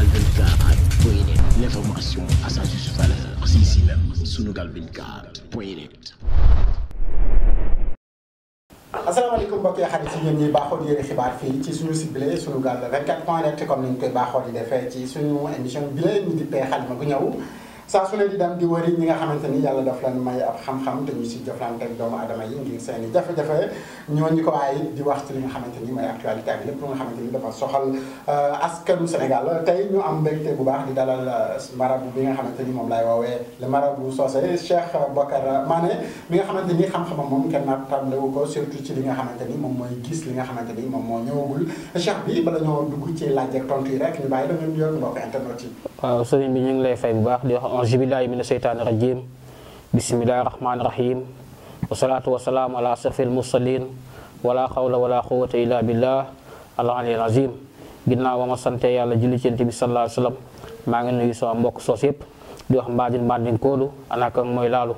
Sunugal 24 point net l'information à sa juste valeur si mbokk yi xarit yi ñun ñuy baaxoo di yéene xibaar fii ci suñu site bile Sunugal 24 point net comme ni ñu koy baaxoo di defee ci suñu émission bile ñu di pee xalima bu ñëw. sa su ne di dem di wëri ñi nga xamante ni yàlla daf leen may ab xam-xam te ñu si jëflante ak doomu adama yi ngir seen i jafe ñoo ñi ko ay di wax ci li nga xamante ni mooy actualité ak lépp lu nga xamante ni dafa soxal euh, askanu Sénégal tey ñu am mbégte bu baax di dalal euh, marabu bi nga xamante ni moom laay woowee ni moom kenn naa tablewu ko surtout ci li nga xamante ni moom mooy gis li nga xamante ni moom moo ñëwagul Cheikh bi bala ñoo dugg ci laaj tontu yi rek ñu bàyyi la nga nuyoog mbokk internet yi. waaw sëriñ bi ñu ngi lay fay bu baax di wax aousubillahi min asheytaani rajim bisimillahi rahmaani rahim wasalaatu wasalaamu ala asrafil mursalin wala xawla wala quwata illa billah al aliyil azim ginnaaw ba ma sante yàlla julli ci Yonent bi sallallahu alayhi wasallam maa ngi nuyu sama mbokk soos yëpp di wax mbaadin mbaadin kóolu anaka mooy laalu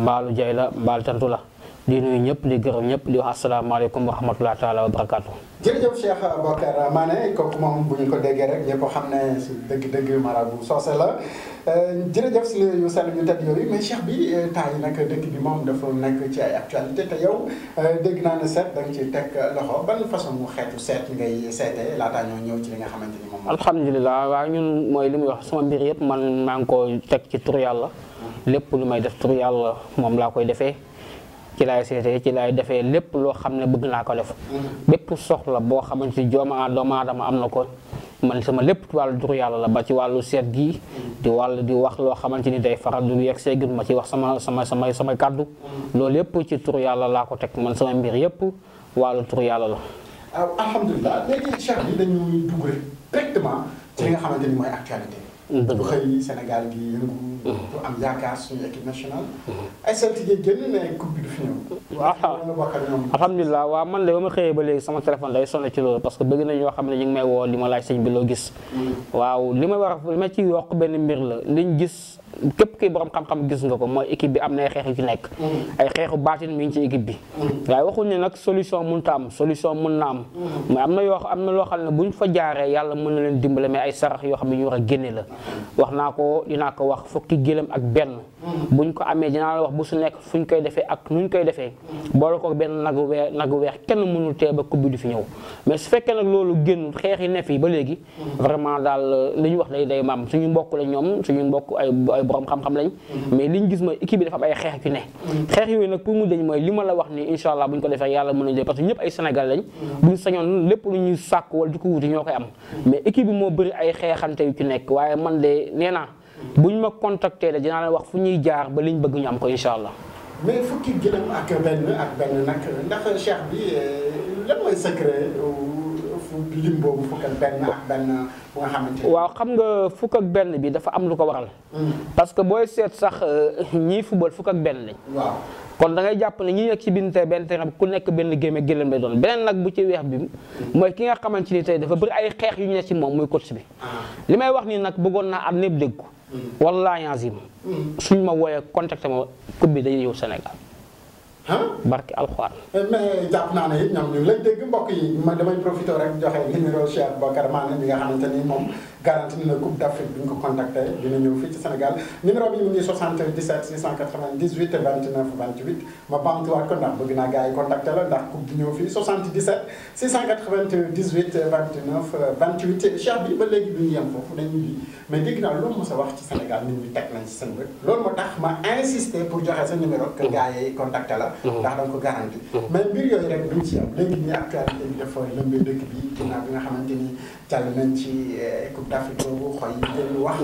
mbaalu jay la mbaal tantu la di nuyu ñëpp di gërëm ñëpp di wax asalaamaaleykum wa rahmatulah taala wa barakaatu. jërëjëf Cheikh Bocar Euh, jërëjëf si yu sell yu tedd yooyu mais cheikh bi euh, euh, mooy li muy wax sama mbir yëpp man maa ngi teg ci tur lépp lu may def tur moom laa koy defee. ci laay seetee ci laay defee lépp loo xam ne bëgg naa ko def. Mm-hmm. bépp soxla boo xamante ni doomu am na ko. man sama lépp wàllu turu yàlla la ba ci wàllu seet gi di wàll di wax loo xamante ni day faral du yegg seegul ma ci wax sama sama sama samay kàddu loolu yépp ci turu yàlla ko teg man sama mbir yépp wàllu turu yàlla la ah, alhamdulilah léegi cheikh bi dañuy dugg rek directement ci li nga xamante ni mooy bu xëy Sénégal mm-hmm. mm-hmm. bi du fi ñëw. waaw man de ba ma xëyee ba léegi sama téléphone day sonné ci loolu parce que bëgg nañoo xam ne ñu ngi may woo li ma laaj sëñ bi loo gis. Mm-hmm. waaw li war a li ma ci yokk benn mbir la liñ gis. képp ki borom xam-xam gis nga ko mooy équipe bi am na ay xeex yu ci nekk. Mm-hmm. ay xeexu baatin mi ngi ci équipe bi. Mm-hmm. waaye waxuñ ne nag solution mun a solution mun na am. Mm-hmm. mais am na yoo am na loo xam ne buñ fa jaaree yàlla mën na leen dimbale mais ay sarax yoo xam ne ñu war a génne la. wax naa ko dinaa ko wax fokki gëlëm ak benn. buñ ko amee dinaa la wax bu su nekk fuñ koy defee ak nuñ koy defee boole ko benn nagu weex kenn mënul tee ba coupe bi du fi ñëw mais su fekkee nag loolu génn xeex ne fii ba léegi vraiment daal euh, li ñu wax day day maam suñu mbokk la ñoom suñu mbokk ay ay borom xam-xam lañ mais liñ gis ne xeex yooyu nag dañ mooy li ma la wax ni incha allah buñ ko defee yàlla mën nañ dee parce que ñëpp ay Sénégal lañ buñ sañoon lépp lu ñuy sàkk wala di ko wuti ñoo koy am mais équipe bi moo bëri ay xeexante yu buñ ma contacter dinaa leen wax fu ñuy jaar ba liñ bëgg ñu am ko incha allah. mais fukki gëlëm ak benn nag euh, waaw xam nga fukk ak benn bi dafa am lu ko waral. Hmm. parce que booy seet sax euh, ñii football fukk ak benn lañ. waaw kon da ngay jàpp ne ñu nekk ci biir benn terrain bi ku nekk benn géeme gëlëm lay doon beneen nag bu ci weex bi mooy ki nga xamante ni tey dafa bëri ay xeex yu ñu ne ci moom muy coach bi. Ah. li may wax nii nag bëggoon naa am ñëpp dégg ko wallaahi azim mm. suñ ma wooyee contacté ma coupe bi dañuy ñëw Sénégal. barki alxuraan. Eh, mais jàpp naa ne ñoom ñu dégg mbokk yi ma damay profité rek joxe numéro Cheikh Bakar Mané bi nga xamante ni moom garanti na Coupe d'Afrique bi ñu ko contacté dina ñëw fii ci Sénégal numéro bi mu ngi 77 698 29 28 ma bamtuwaat ko ndax bëgg naa gars yi contacté la ndax coupe bi ñëw fii 77 698 18 29 28 Cheikh bi ba léegi du ñu yem foofu dañuy ji mais dégg loolu a nañ ci seen bët loolu moo tax ma insister Mm-hmm. ndax da nga ko garanti mm-hmm. mais mbir yooyu rek duñ ci am léegi nii actualité bi dafa lëmbee dëkk bi mm-hmm. ginnaaw bi nga xamante ni jàll nañ ci eh, coupe d'Afrique boobu xoy yi dellu wax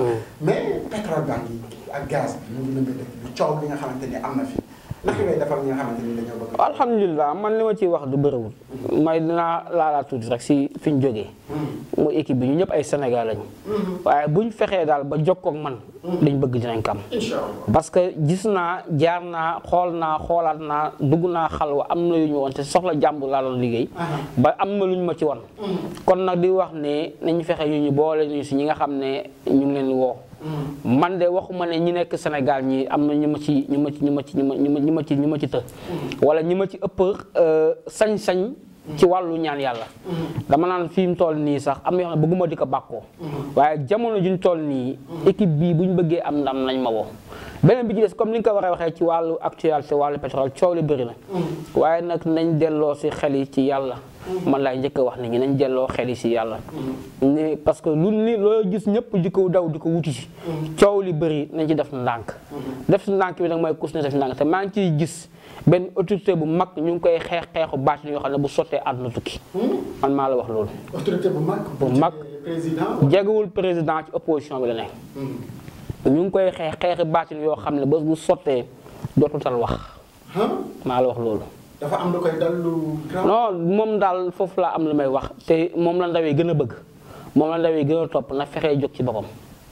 mais pétrole baa ngi ak gaz bi mu ngi lëmbee dëkk bi coow bi nga xamante ni am na fi naka alhamdulilah man li ma ci wax du bëriwul. may dinaa laalaat tuuti rek si fi ñu jógee. mooy hmm. équipe bi ñu ñëpp ay Sénégal hmm. waaye bu ñu fexee daal ba jokkoo kook man. Hmm. dañ bëgg dinañ kam parce que gis naa jaar naa xool naa xoolaat naa dugg naa xalwa am na yu ñu woon te soxla jàmbur laa doon liggéey. Uh-huh. ba am na lu ñu ma ci won kon nag di wax ne nañu fexe ñu ñu boole ñu si ñi nga xam ne ñu ngi leen woo. man de waxuma ne ñi nekk Sénégal ñi am na ñu ma ci ñu ma ci ñu ma ci ñu ma ci ñu ma ci të mm. wala ñi ma ci ëpp euh, sañ-sañ ci wàllu ñaan yàlla. dama naan fi mu toll nii sax am na yoo xam ne bëgguma di ko bàkkoo. waaye jamono juñ toll nii. équipe bii bu ñu bëggee am nañ ma beneen bi ci des comme ni nga ko war a waxee ci wàllu actualité wàllu pétrole coow li bëri na. waaye nag nañ delloo si xel yi ci yàlla. man laay njëkk a wax nit ñi nañ delloo xel yi si yàlla. ni parce que lu ni loo gis ñëpp di ko daw ko si. coow si ndànk bi nag mooy kus ne gis. benn autorité bu mag ñu ngi koy xeex xeexu baatin yoo xam ne bu sottee àdduna tukki. Hmm? man maa la wax loolu. autorité bu mag. jegewul président ci opposition bi la ne. Hmm. ñu ngi koy xeex xeexu baatin yoo xam ne bés bu sottee dootul wax. maa la wax loolu. dafa am lu koy non moom daal foofu laa am lu may wax te moom la ndawee gën a bëgg moom la ndawee gën a topp na fexee jóg ci boppam.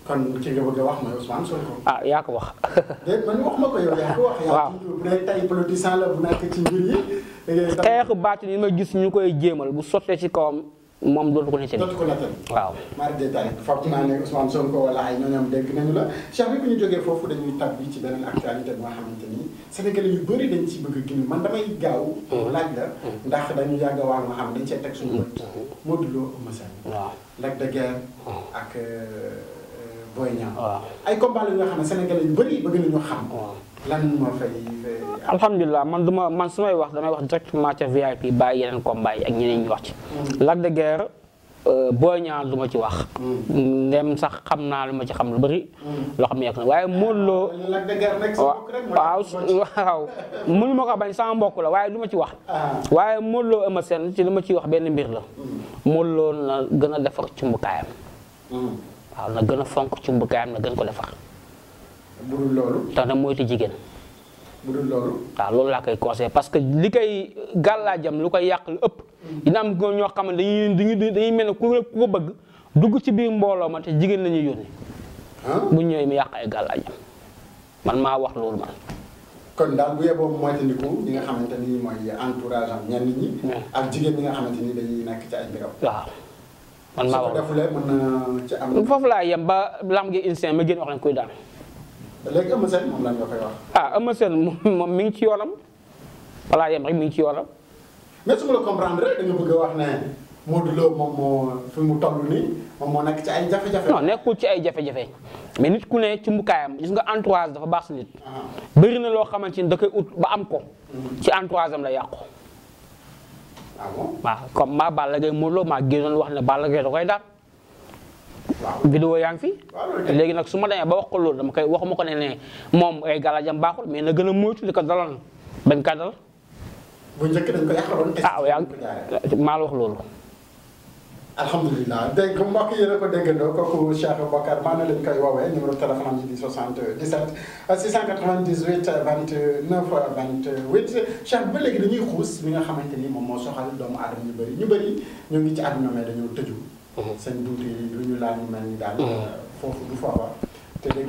kon ki nga bëgg a wax mooy Ousmane Sonko. ah yaa ko wax. déet man wax ma ko yow yaa ko wax. waaw bu dee tey politicien la bu nekk ci mbir yi. Eh, xeexu baati ni ma gis ñu koy jéemal bu sottee ci kawam moom dootu ko nettali. dootu ko nettali waaw. mara détail foog naa ne Ousmane Sonko wala ay ñooñam dégg nañu la Cheikh bi bu ñu jógee foofu dañuy tab bi ci beneen actualité bi nga xamante ni Sénégalais yu bëri dañ ci bëgg gën man damay gaaw. Hmm. laaj la hmm. ndax dañu yàgg a waar nga xam dañ cee teg suñu bët. Hmm. Modou Lo Eumeu Sène. waaw Lac de Guiers ak euh, Boy alhamdulilah man du ma man su may wax damay wax directement ca VIP bàyyi yeneen combat ak ñeneen ñu wax ci. Mm. Lac de Guiers euh, Boy lu ma ci wax. Mm. ndem sax xam naa lu ma ci xam lu bëri. Mm. loo xam ne yegg na waaye Modou Lo. Ah, Lac de sama mbokk la waaye lu ma ci wax. Ah. waaye Modou Lo Eumeu Sène ci lu ma ciy wax benn mbir la. Modou Lo na gën a defar cumbukaayam. waaw na gën a fonk cumbukaayam na gën ko defar. bu dul loolu. tax na moytu jigéen. bu dul loolu. waaw loolu laa koy conseillé parce que li koy gàllaajam lu koy yàq lu ëpp. dina am ñoo xam ne dañuy dañuy dañuy mel ne ku ko bëgg dugg ci biir mbooloo ma jigéen la ñuy yónni. bu ñëwee mu yàq ay gàllaajam man maa wax loolu man. kon daal bu yeboo moytandiku xam nga xamante ni mooy entourage am ñenn ak jigéen ñi nga xamante ni dañuy nekk ci ay mbiram. waaw. man maa wax foofu laa yem ba lam gi instant ma génn wax nañ koy daan. léegi Eumeu Sène moom lan koy wax. ah Eumeu Sène moom mi ngi ci yoonam voilà yem rek mi ngi ci yoonam. mais su ma la comprendre rek da wax ne Modou Lo moom moo mu toll nii moom moo nekk ci ay jafe-jafe. mais nit ku ne ci mbukaayam gis nga entourage dafa baax si nit. Ah. bëri na loo xamante ni da ut ba am ko. Mm-hmm. ci entourage am la yàqu. Ah waaw comme maa Balla Gaye Modou Lo maa wax ne Balla Gaye da koy daan vidéo yaa fi léegi nag su ma demee ba wax ko loolu dama koy waxuma ko ne ne moom ay galajam baaxul mais na gën a moytu li ko daloon bañ ka dal bu njëkk dañ ko yàqaloon ah, wax loolu alhamdulilah dégg mbokk yéen a ko déggandoo kooku Cheikh Bokar maa na leen koy woowee numéro téléphone am ci di 77 698 29 28 Cheikh ba léegi dañuy xuus li nga xamante ni moom moo soxal doomu aadama ñu bëri ñu bëri ñoo ngi ci àdduna mais dañoo tëju mhm. seen duuti lu ñu laal ñu mel daal mhm. foofu du foofa te euh,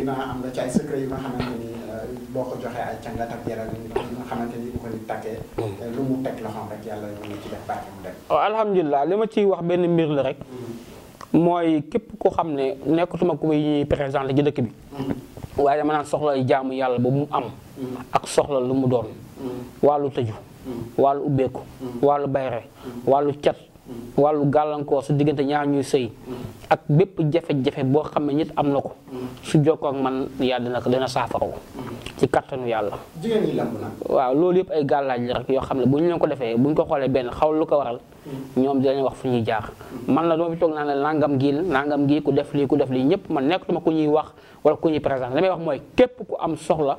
hmm. euh, oh, alhamdulilah li ma ciy wax benn mbir la rek. Hmm. mooy képp ko xam ne nekkatuma ku muy présenté ci dëkk bi. Hmm. waaye dama naan soxla jaamu yàlla ba mu am. ak soxla lu mu doon. wàllu tëju. wàllu ubbeeku. wàllu bayre wàllu cat. wàllu gàllankoor su diggante ñaar ñuy sëy ak bépp jafe-jafe boo xam ne nit am na ko su jokkoo man yàlla na ko dina saafara ci kattanu yàlla. waaw loolu yëpp ay gàllaaj rek yoo xam ne bu ñu leen ko defee bu ñu ko xoolee benn xaw lu ko waral. ñoom dinañ wax fu ñuy jaar. man la dama fi toog naa ne nangam gii nangam gii ku def lii ku def lii ñëpp man nekkatuma ku ñuy wax wala ku ñuy présent li may wax mooy képp ku am soxla.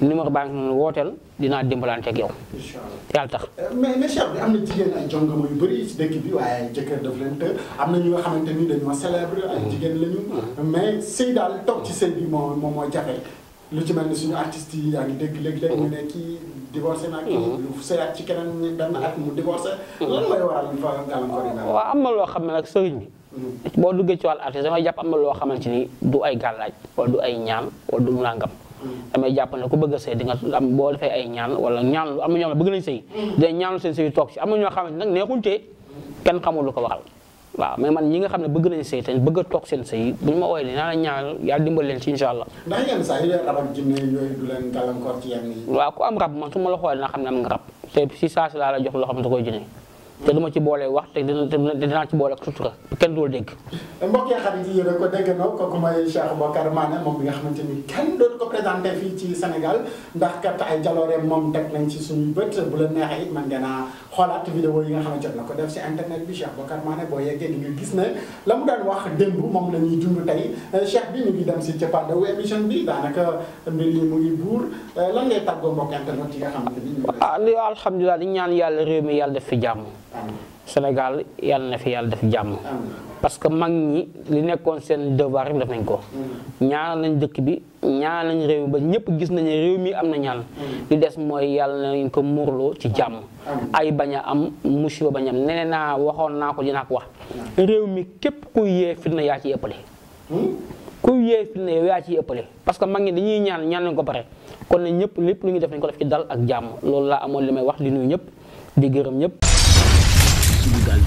numéro baa ngi noonu wooteel dinaa dimbalante ak yow. incha tax. Euh, mais mais bi am na jigéen ay jongama yu bëri dëkk bi waaye jëkkër daf leen të am na ñoo xamante ni dañoo célèbre ay jigéen lañu. Mm. moom moo jafe. lu ci mel ni suñu artistes yi yaa ngi dégg mm. mm. mooy waral am na loo xam ne nag sëriñ bi. boo duggee ci wàllu artiste damay jàpp am na loo xamante ni du ay gàllaaj wala du ay ñaan wala du nangam damay jàpp ne ku bëgg a sëy di nga am boo ay ñaan wala ñaan am na ñoo xam ne bëgg nañ say mm. dinañ ñaanal seen toog ci am na xam ne nag neexuñ te kenn xamul lu ko waxal waaw mais man ñi nga xam ne bëgg nañ sëy bëgg toog seen sëy bu ma ooy naa la ñaanal yàlla si leen ci insha allah ndax yenn saa am rab man su ma la xoolee na xam ne am nga rab te si saa laa la jox loo xam ne da koy jinne te duma ci boole wax te dina dinaa ci boole ak sutura kenn dool dégg. mbokk yi xarit yi yéen ko dégg na kooku mooy Cheikh Bokar Mané moom bi nga xamante ni kenn doon ko présenté fii ci Sénégal ndax kat ay jaloore moom teg nañ ci suñu bët bu la neexee it man ngeen a xoolaat vidéo yi nga xamante ne ko def si internet bi Cheikh Bokar Mané boo yeggee di nga gis na la mu daan wax démb moom la ñuy dund tey Cheikh bi ñu ngi dem si cappaandawu émission bi daanaka mbir yi mu ngi buur lan ngay tàggoo mbokk internet yi nga xamante ni. Ah, ñaan yàlla réew mi yàlla def fi jàmm Sénégal yàlla na fi yàlla def jàmm parce que mag ñi li nekkoon seen devoir rek def nañ ko ñaanal nañ dëkk bi ñaanal nañ réew mi ba ñëpp gis nañ réew mi am na ñaan li des mooy yàlla nañ ko muurloo ci jàmm ay bañ a am musiba bañ am nee naa waxoon naa ko dinaa ko wax réew mi képp kuy yee fitna yaa ci ëppale kuy yee fitna yow yaa ciy ëppale parce que mag ñi dañuy ñaan ñaan nañ ko pare kon ne ñëpp lépp lu ñu def nañ ko def ci dal ak jàmm loolu laa amoon li may suñu gaal